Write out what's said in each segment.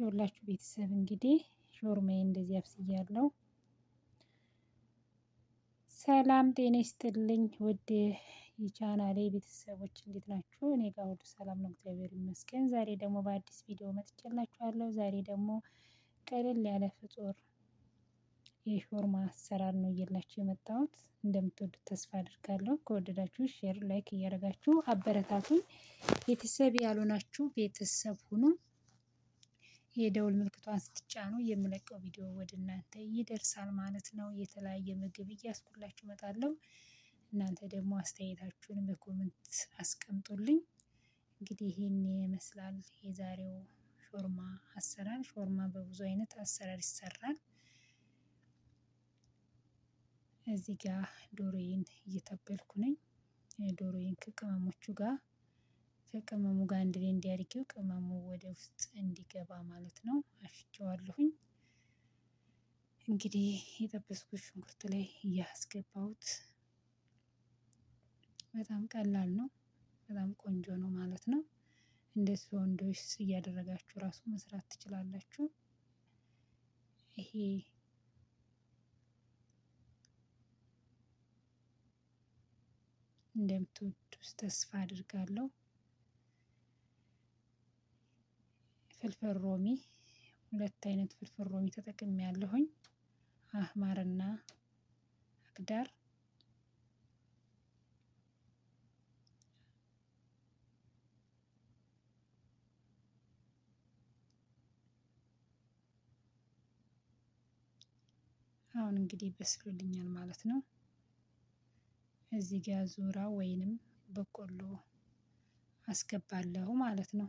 የሁላችሁ ቤተሰብ እንግዲህ ሾርማዬ እንደዚህ አብስያለሁ። ሰላም ጤና ይስጥልኝ ውድ የቻናሌ ቤተሰቦች እንዴት ናችሁ? እኔ ጋር ሁሉ ሰላም ነው፣ እግዚአብሔር ይመስገን። ዛሬ ደግሞ በአዲስ ቪዲዮ መጥቼላችኋለሁ። ዛሬ ደግሞ ቀለል ያለ ፍጡር የሾርማ አሰራር ነው እየላችሁ የመጣሁት። እንደምትወዱት ተስፋ አድርጋለሁ። ከወደዳችሁ ሼር፣ ላይክ እያደረጋችሁ አበረታቱኝ። ቤተሰብ ያልሆናችሁ ቤተሰብ ሁኑ። የደውል ምልክቷን ስትጫኑ የምለቀው ቪዲዮ ወደ እናንተ ይደርሳል ማለት ነው። የተለያየ ምግብ እያስኩላችሁ እመጣለሁ። እናንተ ደግሞ አስተያየታችሁን በኮመንት አስቀምጡልኝ። እንግዲህ ይህን ይመስላል የዛሬው ሾርማ አሰራር ሾርማ በብዙ አይነት አሰራር ይሰራል። እዚህ ጋር ዶሮዬን እየተበልኩ ነኝ። ዶሮዬን ከቅመሞቹ ጋር ከቅመሙ ጋር አንድ ላይ እንዲያድርጌው ቅመሙ ወደ ውስጥ እንዲገባ ማለት ነው። አሽቸዋለሁኝ። እንግዲህ የጠበስኩት ሽንኩርት ላይ እያስገባሁት በጣም ቀላል ነው። በጣም ቆንጆ ነው ማለት ነው። እንደሱ ወንዶች እያደረጋችሁ ራሱ መስራት ትችላላችሁ። ይሄ እንደምትወዱት ተስፋ አድርጋለሁ። ፍልፍል ሮሚ ሁለት አይነት ፍልፍል ሮሚ ተጠቅሜ ያለሁኝ አህማርና አክዳር አሁን እንግዲህ በስሎልኛል ማለት ነው። እዚህ ጋር ዙራ ወይንም በቆሎ አስገባለሁ ማለት ነው።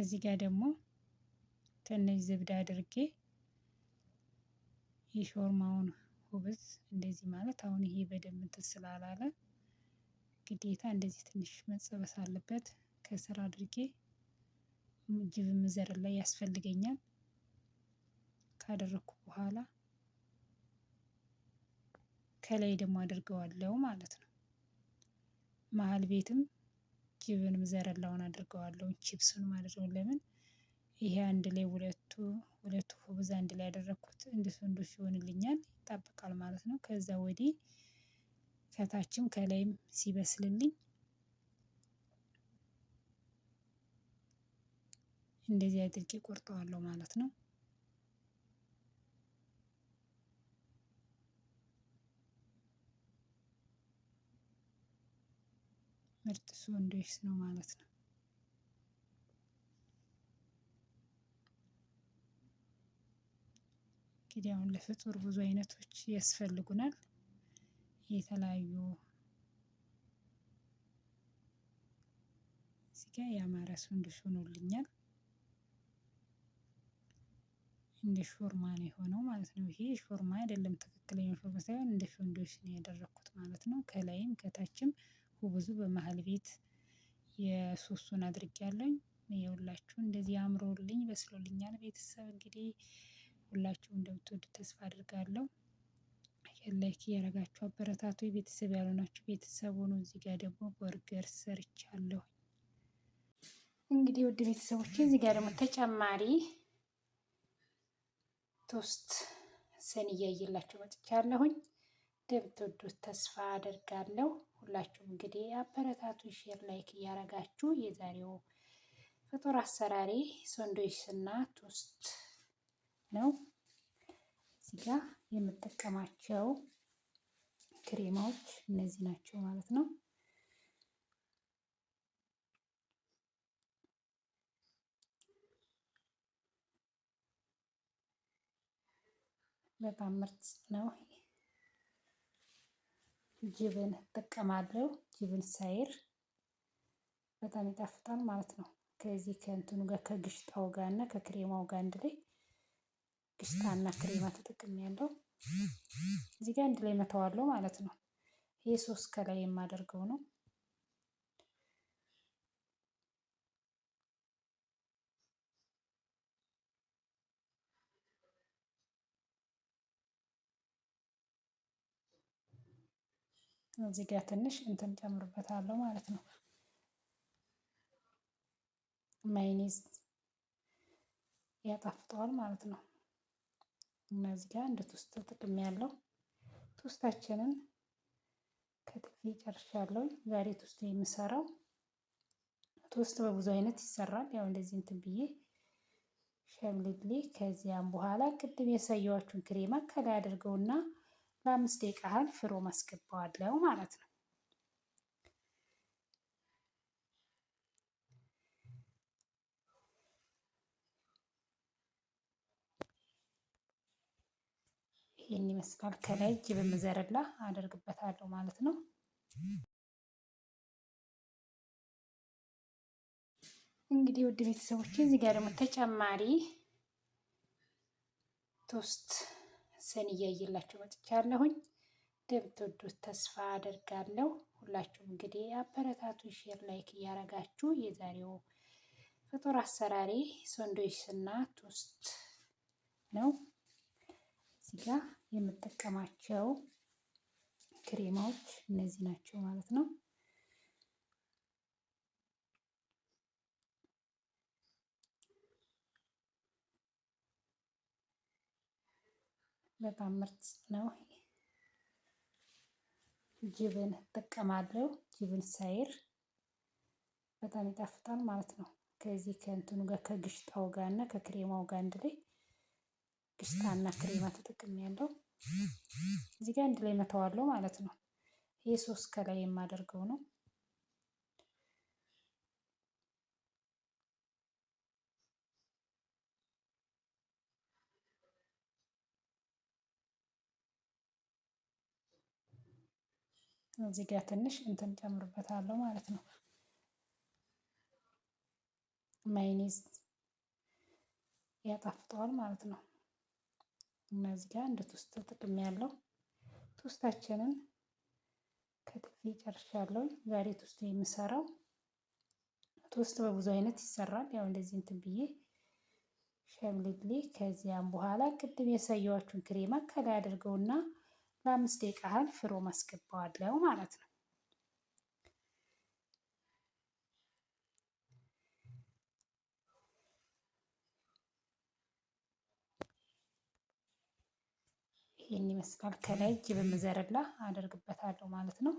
እዚህ ጋር ደግሞ ትንሽ ዝብድ አድርጌ የሾርማውን ሁብዝ እንደዚህ ማለት አሁን ይሄ በደንብ እንትን ስላላለ ግዴታ እንደዚህ ትንሽ መጸበስ አለበት። ከስር አድርጌ ጅብም ዘር ላይ ያስፈልገኛል። ካደረኩ በኋላ ከላይ ደግሞ አድርገዋለው ማለት ነው። መሀል ቤትም ግብንም ዘረላውን አደርገዋለሁ ቺፕሱን ማለት ነው። ለምን ይሄ አንድ ላይ ሁለቱ ሁለቱ ሁብዝ አንድ ላይ ያደረኩት እንዲህ እንዲህ ይሆንልኛል ይጣበቃል ማለት ነው። ከዛ ወዲህ ከታችም ከላይም ሲበስልልኝ እንደዚህ አድርጌ ቆርጠዋለሁ ማለት ነው ምርጥ እሱ ነው ማለት ነው። እንግዲህ አሁን ለፍጡር ብዙ አይነቶች ያስፈልጉናል። የተለያዩ እዚህ የአማረ ስንድሽ ሆኖልኛል። እንደ ሾርማ ነው የሆነው ማለት ነው። ይሄ ሾርማ አይደለም፣ ትክክለኛ ሾርማ ሳይሆን እንደ ሾንዶች ነው ያደረኩት ማለት ነው። ከላይም ከታችም ብዙ በመሀል ቤት የሶስቱን አድርጌ ያለኝ ይኸውላችሁ እንደዚህ አምሮልኝ በስሎልኛል። ቤተሰብ እንግዲህ ሁላችሁ እንደምትወዱ ተስፋ አድርጋለሁ። ላይክ እያደረጋችሁ አበረታቱ። ቤተሰብ ያልሆናችሁ ቤተሰብ ሆኑ። እዚህ ጋር ደግሞ በርገር ሰርቻለሁ። እንግዲህ ውድ ቤተሰቦች እዚህ ጋር ደግሞ ተጨማሪ ቶስት ሰን እያየላችሁ መጥቻለሁኝ። እንደምትወዱት ተስፋ አደርጋለሁ። ሁላችሁም እንግዲህ አበረታቱ ሼር ላይክ እያደረጋችሁ የዛሬው ፍጡር አሰራሪ ሰንዶች እና ቶስት ነው። እዚህ ጋ የምጠቀማቸው ክሬማዎች እነዚህ ናቸው ማለት ነው። በጣም ምርጥ ነው። ጅብን እጠቀማለሁ። ጅብን ሳይር በጣም ይጣፍጣል ማለት ነው። ከዚህ ከእንትኑ ጋር ከግሽጣው ጋር እና ከክሬማው ጋር አንድ ላይ ግሽጣና ክሬማ ተጠቅሜያለሁ። እዚህ ጋር አንድ ላይ እመታዋለሁ ማለት ነው። ይህ ሶስ ከላይ የማደርገው ነው እዚህ ጋር ትንሽ እንትን ጨምርበታለሁ ማለት ነው። ማይኒዝ ያጣፍጠዋል ማለት ነው። እና እዚህ ጋር እንደ ቱስት ጥቅም ያለው ቱስታችንን ከትፌ ጨርሻለሁ። ዛሬ ቱስት የምሰራው ቱስት በብዙ አይነት ይሰራል። ያው እንደዚህ እንትን ብዬ ሸምልሌ ከዚያም በኋላ ቅድም ያሳየዋችሁን ክሬማ ከላይ አድርገውና ለአምስት ደቂቃ ያህል ፍሮ ማስገባዋለው ማለት ነው። ይህን ይመስላል። ከላይ ጅብ ምዘረላ አደርግበታለሁ ማለት ነው። እንግዲህ ውድ ቤተሰቦች እዚህ ጋር ደግሞ ተጨማሪ ቶስት ሰን እያየላችሁ መጥቻለሁኝ። እንደምትወዱት ተስፋ አደርጋለሁ። ሁላችሁም እንግዲህ አበረታቱ፣ ሼር፣ ላይክ እያረጋችሁ የዛሬው ፍጡር አሰራሪ ሰንዶች እና ቶስት ነው። እዚህ የምጠቀማቸው ክሬማዎች እነዚህ ናቸው ማለት ነው። በጣም ምርጥ ነው። ጅብን እጠቀማለሁ። ጅብን ሳይር በጣም ይጣፍጣል ማለት ነው። ከዚህ ከእንትኑ ጋር ከግሽጣው ጋር እና ከክሬማው ጋር አንድ ላይ ግሽታና ክሬማ ተጠቅም ያለው እዚህ ጋር አንድ ላይ መተዋለው ማለት ነው። ይህ ሶስት ከላይ የማደርገው ነው። እዚህ ጋር ትንሽ እንትን ጨምርበታለሁ ማለት ነው። ማይኒዝ ያጣፍጠዋል ማለት ነው። እና እዚህ ጋር እንደ ቱስት ጥቅም ያለው ቱስታችንን ከትፌ ጨርሻለሁ። ዛሬ ቱስት የምሰራው ቱስት በብዙ አይነት ይሰራል። ያው እንደዚህ እንትን ብዬ ሸምልሌ ከዚያም በኋላ ቅድም ያሳየዋችሁን ክሬማ ከላይ አድርገውና ለአምስት ደቂቃ ያህል ፍሮ ማስገባዋለው ማለት ነው። ይህን ይመስላል። ከላይ ጅብ ዘረላ አደርግበታለሁ ማለት ነው።